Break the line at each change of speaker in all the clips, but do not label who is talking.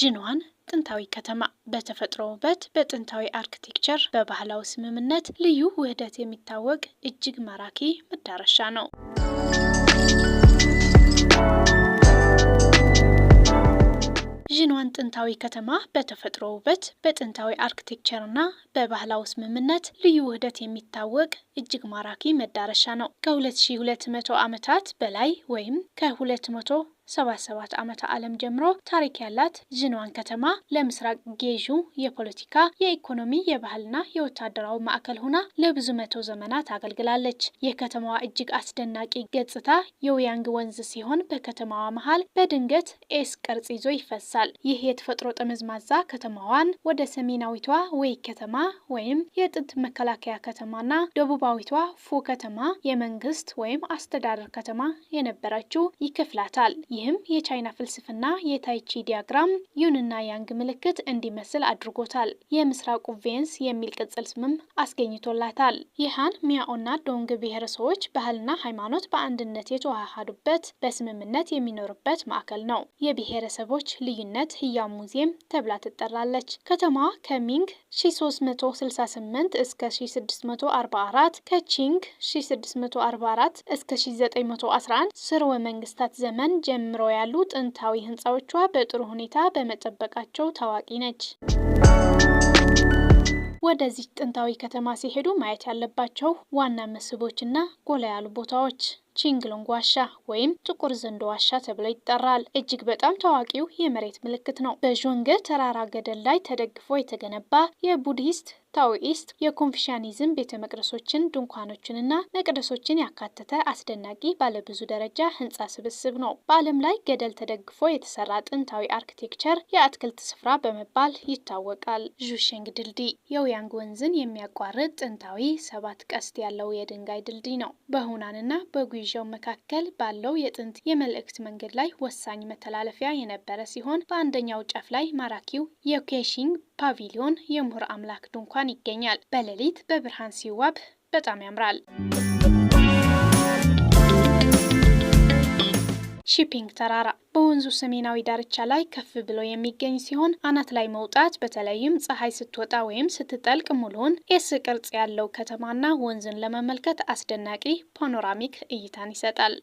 ዥንዋን ጥንታዊ ከተማ በተፈጥሮ ውበት፣ በጥንታዊ አርክቴክቸር፣ በባህላዊ ስምምነት ልዩ ውህደት የሚታወቅ እጅግ ማራኪ መዳረሻ ነው። ዥንዋን ጥንታዊ ከተማ በተፈጥሮ ውበት፣ በጥንታዊ አርክቴክቸርና በባህላዊ ስምምነት ልዩ ውህደት የሚታወቅ እጅግ ማራኪ መዳረሻ ነው። ከ2200 ዓመታት በላይ ወይም ከ200 77 ዓመተ ዓለም ጀምሮ ታሪክ ያላት ዥንዋን ከተማ ለምስራቅ ጌዡ የፖለቲካ፣ የኢኮኖሚ፣ የባህልና የወታደራዊ ማዕከል ሆና ለብዙ መቶ ዘመናት አገልግላለች። የከተማዋ እጅግ አስደናቂ ገጽታ የውያንግ ወንዝ ሲሆን በከተማዋ መሀል በድንገት ኤስ ቅርጽ ይዞ ይፈሳል። ይህ የተፈጥሮ ጠመዝማዛ ከተማዋን ወደ ሰሜናዊቷ ወይ ከተማ ወይም የጥንት መከላከያ ከተማና ደቡባዊቷ ፉ ከተማ የመንግስት ወይም አስተዳደር ከተማ የነበረችው ይከፍላታል። ይህም የቻይና ፍልስፍና የታይቺ ዲያግራም ዩንና ያንግ ምልክት እንዲመስል አድርጎታል። የምስራቁ ቬንስ የሚል ቅጽል ስምም አስገኝቶላታል። ይህን ሚያኦና ዶንግ ብሔረሰቦች ባህልና ሃይማኖት በአንድነት የተዋሃዱበት በስምምነት የሚኖሩበት ማዕከል ነው። የብሔረሰቦች ልዩነት ህያው ሙዚየም ተብላ ትጠራለች። ከተማዋ ከሚንግ 368 እስከ 644 ከቺንግ 644 እስከ 911 ስርወ መንግስታት ዘመን ጀምሮ ጀምሮ ያሉ ጥንታዊ ሕንፃዎቿ በጥሩ ሁኔታ በመጠበቃቸው ታዋቂ ነች። ወደዚህ ጥንታዊ ከተማ ሲሄዱ ማየት ያለባቸው ዋና መስህቦችና ጎላ ያሉ ቦታዎች ቺንግሎንግ ዋሻ ወይም ጥቁር ዘንዶ ዋሻ ተብሎ ይጠራል። እጅግ በጣም ታዋቂው የመሬት ምልክት ነው። በዦንገ ተራራ ገደል ላይ ተደግፎ የተገነባ የቡድሂስት ሽታው ኢስት የኮንፊሻኒዝም ቤተ መቅደሶችን ድንኳኖችንና መቅደሶችን ያካተተ አስደናቂ ባለብዙ ደረጃ ህንፃ ስብስብ ነው። በዓለም ላይ ገደል ተደግፎ የተሰራ ጥንታዊ አርኪቴክቸር የአትክልት ስፍራ በመባል ይታወቃል። ዡሼንግ ድልድይ የውያንግ ወንዝን የሚያቋርጥ ጥንታዊ ሰባት ቀስት ያለው የድንጋይ ድልድይ ነው። በሁናንና በጉይዣው መካከል ባለው የጥንት የመልእክት መንገድ ላይ ወሳኝ መተላለፊያ የነበረ ሲሆን በአንደኛው ጫፍ ላይ ማራኪው የኬሺንግ ፓቪሊዮን፣ የምሁር አምላክ ድንኳን ይገኛል። በሌሊት በብርሃን ሲዋብ በጣም ያምራል። ሺፒንግ ተራራ በወንዙ ሰሜናዊ ዳርቻ ላይ ከፍ ብሎ የሚገኝ ሲሆን አናት ላይ መውጣት በተለይም ፀሐይ ስትወጣ ወይም ስትጠልቅ ሙሉውን ኤስ ቅርጽ ያለው ከተማና ወንዝን ለመመልከት አስደናቂ ፓኖራሚክ እይታን ይሰጣል።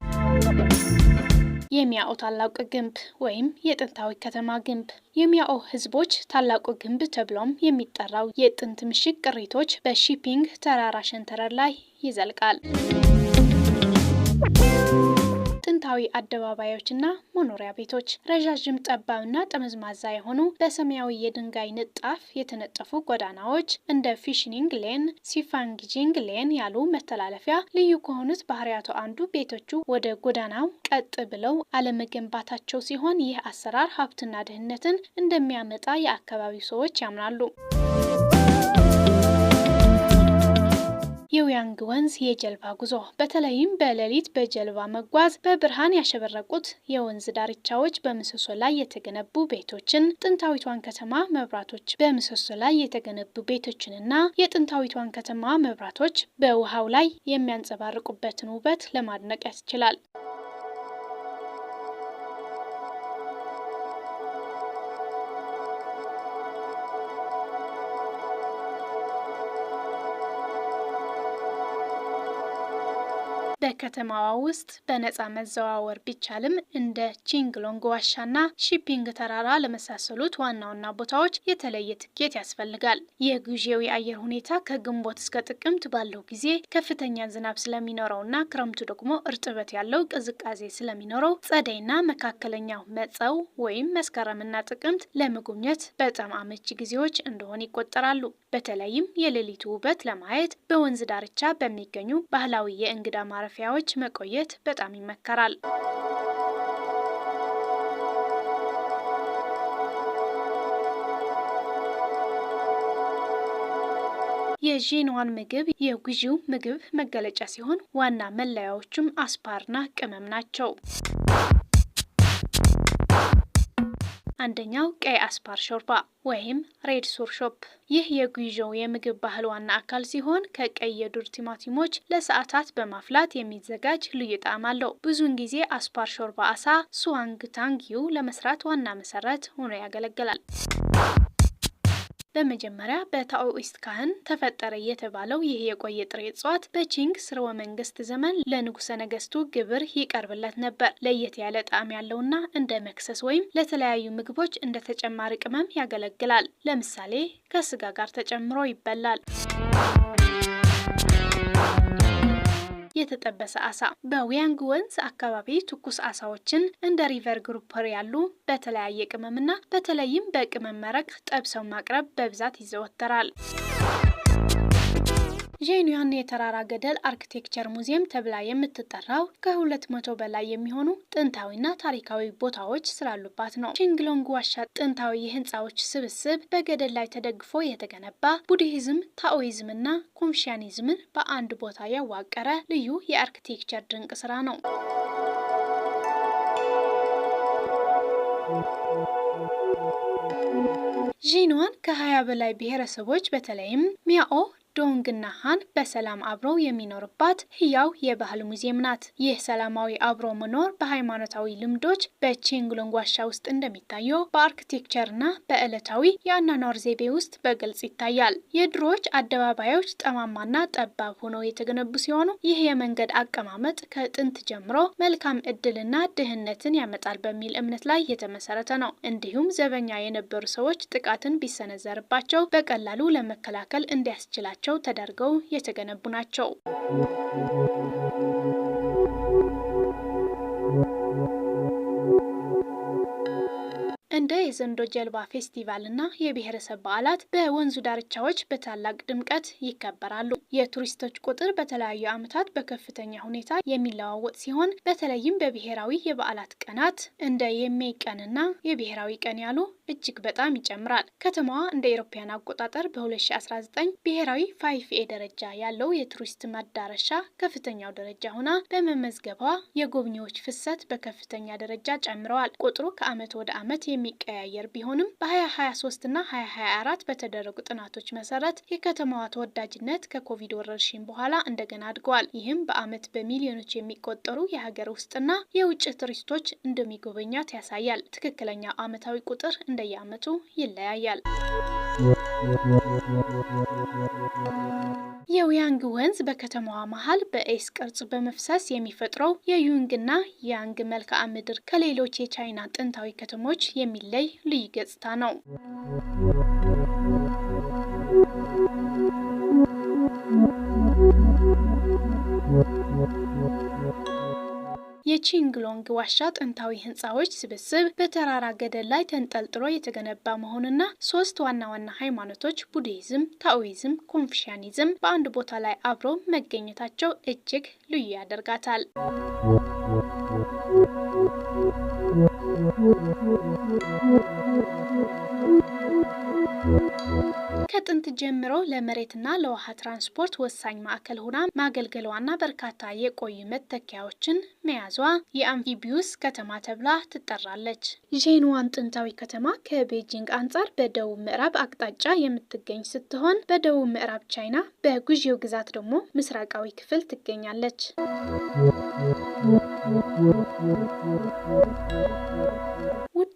የሚያኦ ታላቁ ግንብ ወይም የጥንታዊ ከተማ ግንብ የሚያኦ ህዝቦች ታላቁ ግንብ ተብሎም የሚጠራው የጥንት ምሽግ ቅሪቶች በሺፒንግ ተራራ ሸንተረር ላይ ይዘልቃል። ጥንታዊ አደባባዮችና መኖሪያ ቤቶች፣ ረዣዥም ጠባብና ጠመዝማዛ የሆኑ በሰማያዊ የድንጋይ ንጣፍ የተነጠፉ ጎዳናዎች፣ እንደ ፊሽኒንግ ሌን፣ ሲፋንግጂንግ ሌን ያሉ መተላለፊያ ልዩ ከሆኑት ባህሪያቱ አንዱ ቤቶቹ ወደ ጎዳናው ቀጥ ብለው አለመገንባታቸው ሲሆን ይህ አሰራር ሀብትና ድህነትን እንደሚያመጣ የአካባቢው ሰዎች ያምናሉ። ያንግ ወንዝ የጀልባ ጉዞ በተለይም በሌሊት በጀልባ መጓዝ በብርሃን ያሸበረቁት የወንዝ ዳርቻዎች፣ በምሰሶ ላይ የተገነቡ ቤቶችን፣ ጥንታዊቷን ከተማ መብራቶች፣ በምሰሶ ላይ የተገነቡ ቤቶችንና የጥንታዊቷን ከተማ መብራቶች በውሃው ላይ የሚያንጸባርቁበትን ውበት ለማድነቅ ያስችላል። በከተማዋ ውስጥ በነፃ መዘዋወር ቢቻልም እንደ ቺንግሎንግ ዋሻና ሺፒንግ ተራራ ለመሳሰሉት ዋና ዋና ቦታዎች የተለየ ትኬት ያስፈልጋል። የጉዤው የአየር ሁኔታ ከግንቦት እስከ ጥቅምት ባለው ጊዜ ከፍተኛ ዝናብ ስለሚኖረውና ክረምቱ ደግሞ እርጥበት ያለው ቅዝቃዜ ስለሚኖረው ጸደይና መካከለኛው መጸው ወይም መስከረምና ጥቅምት ለመጎብኘት በጣም አመቺ ጊዜዎች እንደሆን ይቆጠራሉ። በተለይም የሌሊቱ ውበት ለማየት በወንዝ ዳርቻ በሚገኙ ባህላዊ የእንግዳ ማረፊያ ማረፊያዎች መቆየት በጣም ይመከራል። የዢንዋን ምግብ የጉዢው ምግብ መገለጫ ሲሆን ዋና መለያዎቹም አስፓርና ቅመም ናቸው። አንደኛው ቀይ አስፓር ሾርባ ወይም ሬድ ሱር ሾፕ። ይህ የጉይዣው የምግብ ባህል ዋና አካል ሲሆን ከቀይ የዱር ቲማቲሞች ለሰዓታት በማፍላት የሚዘጋጅ ልዩ ጣዕም አለው። ብዙውን ጊዜ አስፓር ሾርባ አሳ ታንግዩ ለመስራት ዋና መሰረት ሆኖ ያገለግላል። በመጀመሪያ በታኦኢስት ካህን ተፈጠረ የተባለው ይህ የቆየ ጥሬ እጽዋት በቺንግ ስርወ መንግስት ዘመን ለንጉሰ ነገስቱ ግብር ይቀርብለት ነበር። ለየት ያለ ጣዕም ያለውና እንደ መክሰስ ወይም ለተለያዩ ምግቦች እንደ ተጨማሪ ቅመም ያገለግላል። ለምሳሌ ከስጋ ጋር ተጨምሮ ይበላል። የተጠበሰ አሳ በዊያንግ ወንዝ አካባቢ ትኩስ አሳዎችን እንደ ሪቨር ግሩፐር ያሉ በተለያየ ቅመምና በተለይም በቅመም መረቅ ጠብሰው ማቅረብ በብዛት ይዘወተራል። ጄኒያን የተራራ ገደል አርክቴክቸር ሙዚየም ተብላ የምትጠራው ከሁለት መቶ በላይ የሚሆኑ ጥንታዊና ታሪካዊ ቦታዎች ስላሉባት ነው። ቺንግሎንግ ዋሻ ጥንታዊ የህንፃዎች ስብስብ በገደል ላይ ተደግፎ የተገነባ ቡድሂዝም፣ ታኦይዝምና ኮንፊሽያኒዝምን በአንድ ቦታ ያዋቀረ ልዩ የአርክቴክቸር ድንቅ ስራ ነው። ዢንዋን ከ20 በላይ ብሔረሰቦች በተለይም ሚያኦ ዶንግና ሃን በሰላም አብረው የሚኖርባት ህያው የባህል ሙዚየም ናት። ይህ ሰላማዊ አብሮ መኖር በሃይማኖታዊ ልምዶች በቺንግሎንግ ዋሻ ውስጥ እንደሚታየው በአርክቴክቸርና በዕለታዊ የአኗኗር ዘይቤ ውስጥ በግልጽ ይታያል። የድሮዎች አደባባዮች ጠማማና ጠባብ ሆነው የተገነቡ ሲሆኑ ይህ የመንገድ አቀማመጥ ከጥንት ጀምሮ መልካም እድልና ድህነትን ያመጣል በሚል እምነት ላይ የተመሰረተ ነው። እንዲሁም ዘበኛ የነበሩ ሰዎች ጥቃትን ቢሰነዘርባቸው በቀላሉ ለመከላከል እንዲያስችላቸው እንዲኖራቸው ተደርገው የተገነቡ ናቸው። እንደ የዘንዶ ጀልባ ፌስቲቫልና የብሔረሰብ በዓላት በወንዙ ዳርቻዎች በታላቅ ድምቀት ይከበራሉ። የቱሪስቶች ቁጥር በተለያዩ ዓመታት በከፍተኛ ሁኔታ የሚለዋወጥ ሲሆን በተለይም በብሔራዊ የበዓላት ቀናት እንደ የሜይ ቀንና የብሔራዊ ቀን ያሉ እጅግ በጣም ይጨምራል። ከተማዋ እንደ አውሮፓውያን አቆጣጠር በ2019 ብሔራዊ ፋይፍ ኤ ደረጃ ያለው የቱሪስት መዳረሻ ከፍተኛው ደረጃ ሆና በመመዝገቧ የጎብኚዎች ፍሰት በከፍተኛ ደረጃ ጨምረዋል። ቁጥሩ ከዓመት ወደ ዓመት የሚ የሚቀያየር ቢሆንም በ2023 እና 2024 በተደረጉ ጥናቶች መሰረት የከተማዋ ተወዳጅነት ከኮቪድ ወረርሽኝ በኋላ እንደገና አድገዋል። ይህም በዓመት በሚሊዮኖች የሚቆጠሩ የሀገር ውስጥና የውጭ ቱሪስቶች እንደሚጎበኛት ያሳያል። ትክክለኛ ዓመታዊ ቁጥር እንደየዓመቱ ይለያያል። የውያንግ ወንዝ በከተማዋ መሀል በኤስ ቅርጽ በመፍሰስ የሚፈጥረው የዩንግና ያንግ መልክዓ ምድር ከሌሎች የቻይና ጥንታዊ ከተሞች የሚለይ ልዩ ገጽታ ነው። የቺንግሎንግ ዋሻ ጥንታዊ ህንፃዎች ስብስብ በተራራ ገደል ላይ ተንጠልጥሎ የተገነባ መሆንና ሶስት ዋና ዋና ሃይማኖቶች ቡዲዝም፣ ታኦይዝም፣ ኮንፊሽያኒዝም በአንድ ቦታ ላይ አብሮ መገኘታቸው እጅግ ልዩ ያደርጋታል። ከጥንት ጀምሮ ለመሬትና ለውሃ ትራንስፖርት ወሳኝ ማዕከል ሆና ማገልገሏና በርካታ የቆዩ መተኪያዎችን መያዟ የአምፊቢዩስ ከተማ ተብላ ትጠራለች። ዤንዋን ጥንታዊ ከተማ ከቤጂንግ አንጻር በደቡብ ምዕራብ አቅጣጫ የምትገኝ ስትሆን በደቡብ ምዕራብ ቻይና በጉዢው ግዛት ደግሞ ምስራቃዊ ክፍል ትገኛለች።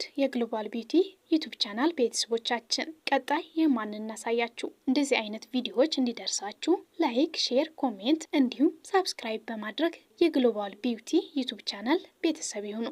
ውድ የግሎባል ቢዩቲ ዩቱብ ቻናል ቤተሰቦቻችን ቀጣይ የማን እናሳያችሁ። እንደዚህ አይነት ቪዲዮዎች እንዲደርሳችሁ ላይክ፣ ሼር፣ ኮሜንት እንዲሁም ሳብስክራይብ በማድረግ የግሎባል ቢዩቲ ዩቱብ ቻናል ቤተሰብ ይሁኑ።